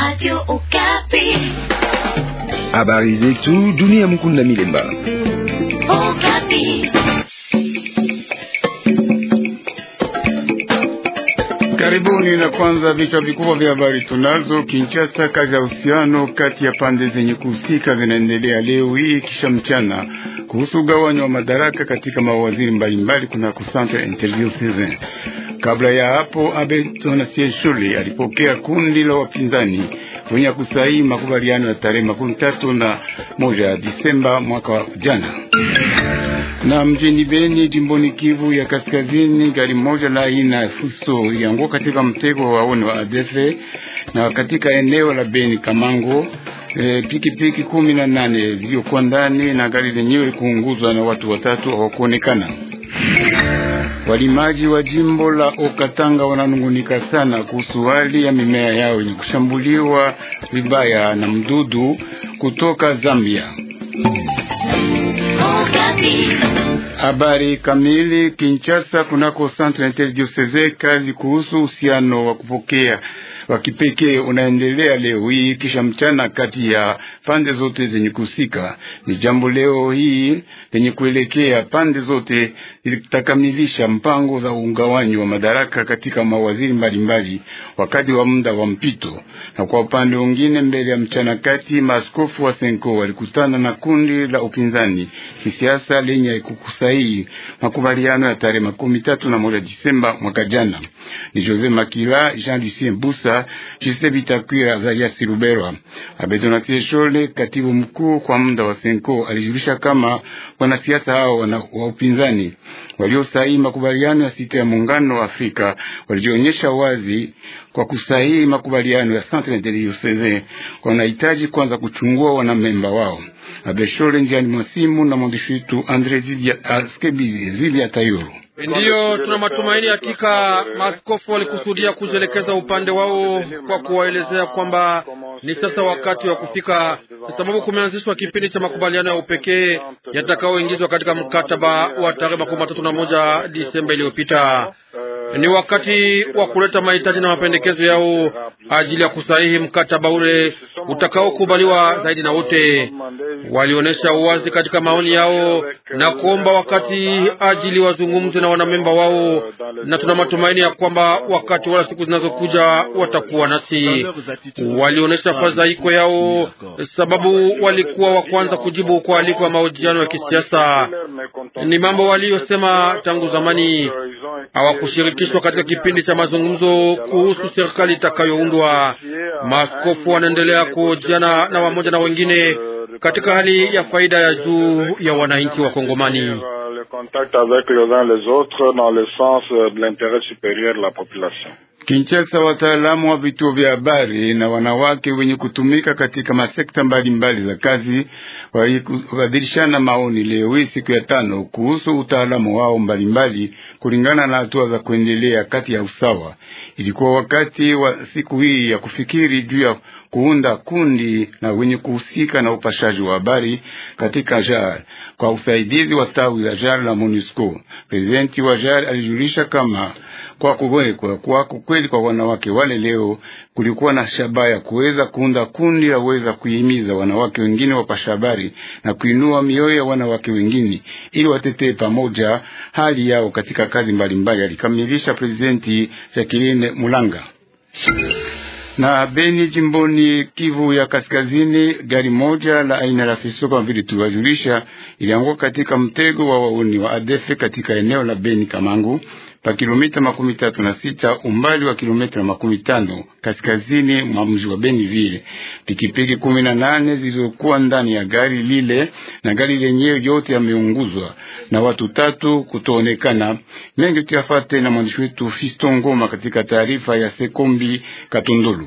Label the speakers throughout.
Speaker 1: Radio Okapi.
Speaker 2: Habari zetu dunia mukunda milemba.
Speaker 1: Okapi.
Speaker 2: Karibuni na kwanza, vichwa vikubwa vya habari tunazo. Kinshasa, kazi ya uhusiano kati ya pande zenye kuhusika zinaendelea leo hii kisha mchana kuhusu ugawanyo wa madaraka katika mawaziri mbalimbali kuna Centre Interview Season Kabla ya hapo, Abenson Seshule alipokea kundi la wapinzani wenye kusaini makubaliano ya tarehe makumi tatu na moja ya Disemba mwaka jana. Na mjini Beni, jimboni Kivu ya Kaskazini, gari moja la aina fuso ilianguka katika mtego wa waoni wa adefe na katika eneo la Beni Kamango e, pikipiki e, piki kumi na nane ziliyokuwa ndani na gari lenyewe kuunguzwa na watu watatu hawakuonekana. Walimaji wa jimbo la Okatanga wananungunika sana kuhusu hali ya mimea yao yenye kushambuliwa vibaya na mdudu kutoka Zambia. Habari kamili Kinshasa, kunako Centre Interdiocese. Kazi kuhusu uhusiano wa kupokea wa kipekee unaendelea leo hii kisha mchana kati ya pande zote zenye kuhusika. Ni jambo leo hii lenye kuelekea pande zote ilitakamilisha mpango za ugawanyi wa madaraka katika mawaziri mbalimbali wakati wa muda wa mpito. Na kwa upande mwingine, mbele ya mchana kati, maaskofu wa Senko walikutana na kundi la upinzani kisiasa lenye kukusaii makubaliano ya tarehe makumi tatu na moja Disemba mwaka jana. Ni Jose Makila, Jean Lucien Busa, Jise Bitakwira, Zariasi Ruberwa, Abedonasie Shole, katibu mkuu kwa muda wa Senko alijulisha kama wanasiasa hao wa upinzani waliosaini makubaliano ya sita ya muungano wa Afrika walijionyesha wazi kwa kusaini makubaliano ya Centre Interdit wanahitaji kwanza kuchungua wanamemba wao. Abeshore njiani mwasimu na mwandishi wetu Andre Zilia Tayoro.
Speaker 3: Ndiyo, tuna matumaini hakika maaskofu walikusudia kujielekeza upande wao kwa kuwaelezea kwamba ni sasa wakati wa kufika sababu kumeanzishwa kipindi cha makubaliano ya upekee yatakaoingizwa katika mkataba wa tarehe makumi matatu na moja Disemba iliyopita. Ni wakati wa kuleta mahitaji na mapendekezo yao ajili ya kusahihi mkataba ule utakaokubaliwa zaidi na wote. Walionyesha uwazi katika maoni yao na kuomba wakati ajili wazungumze na wanamemba wao, na tuna matumaini ya kwamba wakati wala siku zinazokuja watakuwa nasi. Walionyesha fadhaiko yao, sababu walikuwa wa kwanza kujibu kwa aliko ya mahojiano ya kisiasa. Ni mambo waliyosema tangu zamani, hawakushiriki kushirikishwa katika kipindi cha mazungumzo kuhusu serikali itakayoundwa. Maaskofu wanaendelea kuhojiana na wamoja na wengine katika hali ya faida ya
Speaker 2: juu ya wananchi wa Kongomani. Contact avec les uns les autres dans le sens de l'intérêt supérieur de la population. Kinshasa, wataalamu wa vituo vya habari na wanawake wenye kutumika katika masekta mbalimbali mbali za kazi walibadilishana maoni leo hii siku ya tano kuhusu utaalamu wao mbalimbali mbali, kulingana na hatua za kuendelea kati ya usawa. Ilikuwa wakati wa siku hii ya kufikiri juu ya kuunda kundi na wenye kuhusika na upashaji wa habari katika JAR kwa usaidizi wa tawi la JAR la MONUSCO. Presidenti wa JAR alijulisha kama kwako wewe kwa kwako kweli kwa wanawake wale. Leo kulikuwa na shabaha ya kuweza kuunda kundi la weza kuhimiza wanawake wengine wapasha habari na kuinua mioyo ya wanawake wengine ili watetee pamoja hali yao katika kazi mbalimbali, alikamilisha Presidenti Jacqueline Mulanga na Beni jimboni Kivu ya Kaskazini, gari moja la aina la fiso kama vile tuliwajulisha, ilianguka katika mtego wa wauni wa ADF katika eneo la Beni Kamangu pa kilomita makumi tatu na sita umbali wa kilomita makumi tano kaskazini mwa mji wa Beniville. Pikipiki kumi na nane zilizokuwa ndani ya gari lile na gari lenyewe yote yameunguzwa na watu tatu kutoonekana. Mengi tuyafate na mwandishi wetu Fiston Ngoma katika taarifa ya Sekombi Katundulu.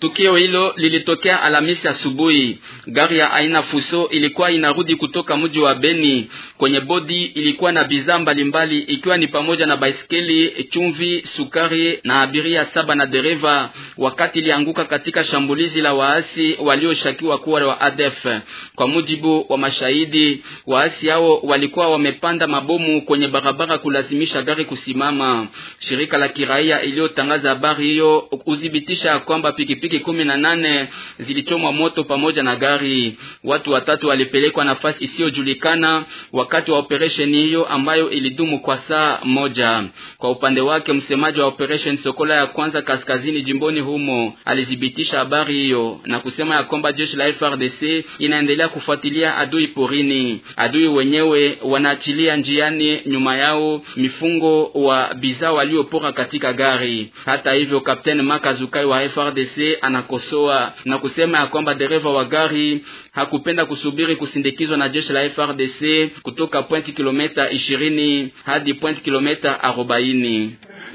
Speaker 4: Tukio hilo lilitokea Alhamisi asubuhi. Gari ya aina Fuso ilikuwa inarudi kutoka mji wa Beni. Kwenye bodi ilikuwa na bidhaa mbalimbali, ikiwa ni pamoja na baiskeli, chumvi, sukari na abiria saba na dereva, wakati ilianguka katika shambulizi la waasi walioshakiwa kuwa wa ADF. Kwa mujibu wa mashahidi, waasi hao walikuwa wamepanda mabomu kwenye barabara kulazimisha gari kusimama. Shirika la kiraia iliyotangaza habari hiyo udhibitisha kwamba pikipiki pikipiki kumi na nane zilichomwa moto pamoja na gari. Watu watatu walipelekwa nafasi isiyojulikana wakati wa operesheni hiyo ambayo ilidumu kwa saa moja. Kwa upande wake, msemaji wa operesheni Sokola ya kwanza kaskazini jimboni humo alithibitisha habari hiyo na kusema ya kwamba jeshi la FRDC inaendelea kufuatilia adui porini. Adui wenyewe wanaachilia njiani nyuma yao mifungo wa bidhaa waliopora katika gari. Hata hivyo, Kapteni Makazukai wa FRDC anakosoa na kusema ya kwamba dereva wa gari hakupenda kusubiri kusindikizwa na jeshi la FRDC kutoka point kilometa 20 hadi point kilometa 40.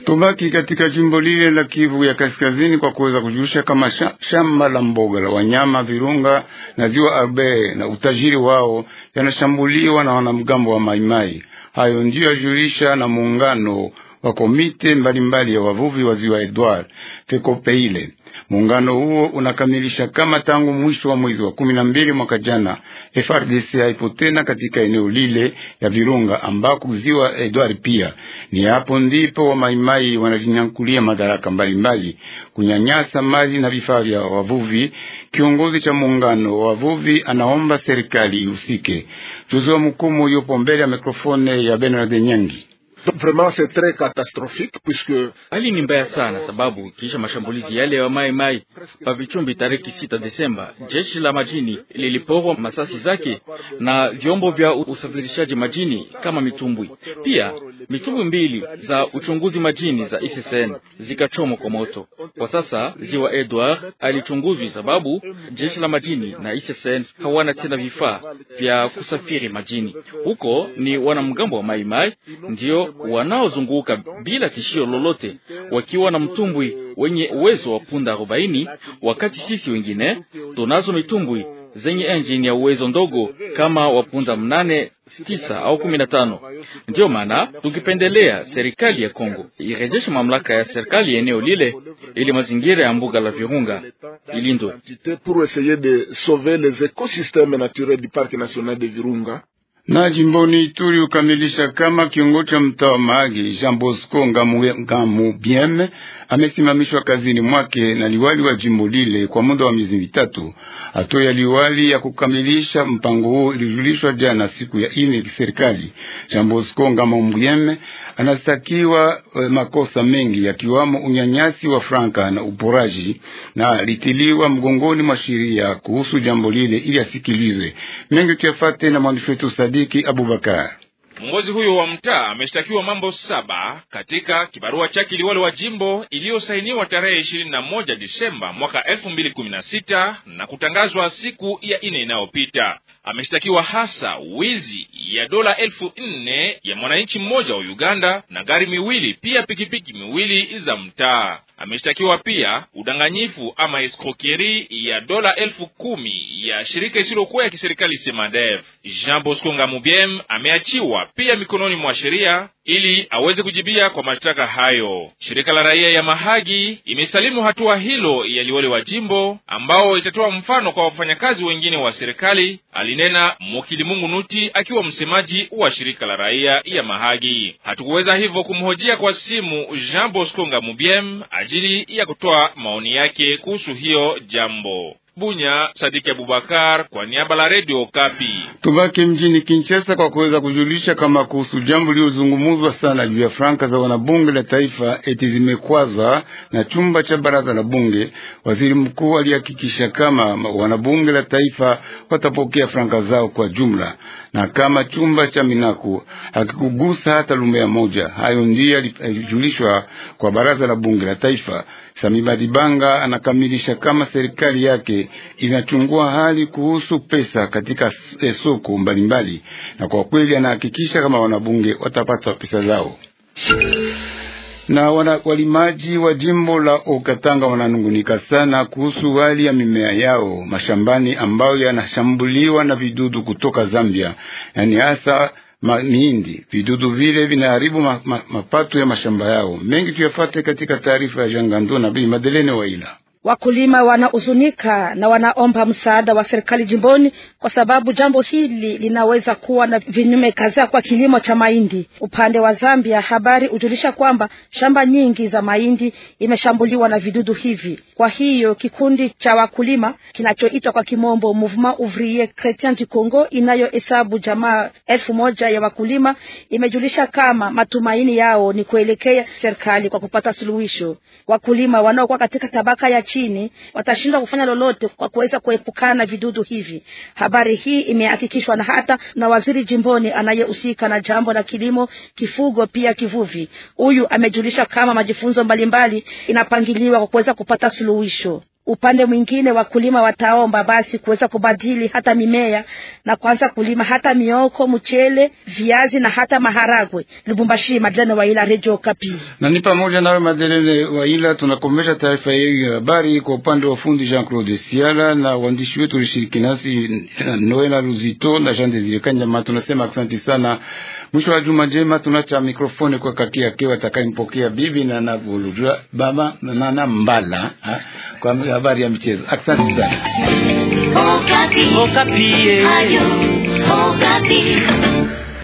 Speaker 2: Tubaki katika jimbo lile la Kivu ya Kaskazini kwa kuweza kujulisha kama shamba la mboga la wanyama Virunga na ziwa Arbe na utajiri wao yanashambuliwa na wanamgambo wa Maimai. Hayo ndiyo yajulisha na muungano wakomite mbalimbali ya wavuvi wa ziwa Edward Fekopeile. Muungano huo unakamilisha kama tangu mwisho wa mwezi wa kumi na mbili mwaka jana FRDC haipo tena katika eneo lile ya Virunga ambako ziwa Edward pia ni hapo ndipo wamaimai wanajinyakulia madaraka mbalimbali kunyanyasa mali na vifaa vya wavuvi. Kiongozi cha muungano wa wavuvi anaomba serikali ihusike. Jozua Mkumu yupo mbele ya mikrofone ya Bernard Nyangi.
Speaker 1: Hali ni mbaya sana, sababu kisha mashambulizi yale ya Mai Mai pa Vichumbi tariki sita Desemba, jeshi la majini liliporwa masasi zake na vyombo vya usafirishaji majini kama mitumbwi pia Mitumbwi mbili za uchunguzi majini za ICCN e zikachomwa kwa moto. Kwa sasa ziwa Edward alichunguzwi sababu jeshi la majini na ssn e hawana tena vifaa vya kusafiri majini. Huko ni wanamgambo wa Maimai ndio wanaozunguka bila tishio lolote, wakiwa na mtumbwi wenye uwezo wa punda arobaini, wakati sisi wengine tunazo mitumbwi zenye engine ya uwezo ndogo kama wapunda mnane tisa au kumi na tano. Ndiyo maana tukipendelea serikali ya Kongo irejeshe mamlaka ya serikali ya eneo lile, ili mazingira ya mbuga la Virunga
Speaker 2: ilindwe na jimboni Ituri ukamilisha kama kiongozi cha mtaa wa Mahagi Jean Bosco Ngamubieme amesimamishwa kazini mwake na liwali wa jimbo lile kwa muda wa miezi mitatu. Hatua ya liwali ya kukamilisha mpango huo ilijulishwa jana siku ya ine kiserikali. Jean Bosco Ngamubieme anashtakiwa eh, makosa mengi yakiwamo unyanyasi wa franka na uporaji, na litiliwa mgongoni mwa sheria kuhusu jambo lile ili asikilizwe. Mengi tuyafate na mwandishi wetu Sadiki Abubakar.
Speaker 1: Mwongozi huyo wa mtaa ameshtakiwa mambo saba katika kibarua chake liwali wa jimbo iliyosainiwa tarehe 21 Disemba mwaka 2016 na kutangazwa siku ya ine inayopita. Ameshtakiwa hasa wizi ya dola elfu nne ya mwananchi mmoja wa Uganda na gari miwili pia pikipiki miwili za mtaa. Ameshtakiwa pia udanganyifu ama escroquerie ya dola elfu kumi ya shirika isilokuwa ya kiserikali Semadev. Jean Bosco Ngamubiem ameachiwa pia mikononi mwa sheria ili aweze kujibia kwa mashtaka hayo. Shirika la raia ya Mahagi imesalimu hatua hilo ya liwali wa jimbo ambao itatoa mfano kwa wafanyakazi wengine wa serikali, alinena mungu Nuti akiwa msemaji wa shirika la raia ya Mahagi. Hatukuweza hivyo kumhojia kwa simu Jean Bosco Ngamubiem ajili ya kutoa maoni yake kuhusu hiyo jambo. Bunya, Sadiki Abubakar kwa niaba la Radio Okapi.
Speaker 2: Tubaki mjini Kinshasa kwa kuweza kujulisha kama kuhusu jambo lilozungumzwa sana juu ya franka za wanabunge la taifa eti zimekwaza na chumba cha baraza la bunge. Waziri mkuu alihakikisha kama wanabunge la taifa watapokea franka zao kwa jumla na kama chumba cha Minaku hakikugusa hata lumea moja. Hayo ndiyo alijulishwa kwa baraza la bunge la taifa. Samiba Dibanga anakamilisha kama serikali yake inachungua hali kuhusu pesa katika eh, soko mbalimbali, na kwa kweli anahakikisha kama wanabunge watapata pesa zao na wana, walimaji wa jimbo la Okatanga wananungunika sana kuhusu hali ya mimea yao mashambani ambayo yanashambuliwa na vidudu kutoka Zambia, yaani hasa mahindi. Vidudu vile vinaharibu ma, ma, mapato ya mashamba yao mengi. Tuyafate katika taarifa ya Jangando na Bi Madeleine Waila.
Speaker 5: Wakulima wanahuzunika na wanaomba msaada wa serikali jimboni, kwa sababu jambo hili linaweza kuwa na vinyume kadhaa kwa kilimo cha mahindi. Upande wa Zambia, habari hujulisha kwamba shamba nyingi za mahindi imeshambuliwa na vidudu hivi. Kwa hiyo kikundi cha wakulima kinachoitwa kwa kimombo Mouvement Ouvrier Chretien du Congo, inayohesabu jamaa elfu moja ya wakulima imejulisha kama matumaini yao ni kuelekea serikali kwa kupata suluhisho. Wakulima wanaokuwa katika tabaka ya chini watashindwa kufanya lolote kwa kuweza kuepukana vidudu hivi. Habari hii imehakikishwa na hata na waziri jimboni anayehusika na jambo la kilimo, kifugo pia kivuvi. Huyu amejulisha kama majifunzo mbalimbali inapangiliwa kwa kuweza kupata suluhisho. Upande mwingine, wakulima wataomba basi kuweza kubadili hata mimea na kuanza kulima hata mioko, mchele, viazi na hata maharagwe. Lubumbashi, Madlene Waila, Radio Kapi.
Speaker 2: Na ni pamoja nawe Madlene Waila, tunakomesha taarifa hiyo ya habari kwa upande wa fundi Jean Claude Siala na waandishi wetu walishiriki nasi eh, Noela Luzito na Jean Desire Kanyama. Tunasema asante sana. Mwisho wa juma njema, tunacha mikrofoni kwa kati yake atakayempokea bibi na navulujua baba nana mbala ha? kwa habari ya michezo.
Speaker 5: Asante sana Okapi. Okapi. Eh.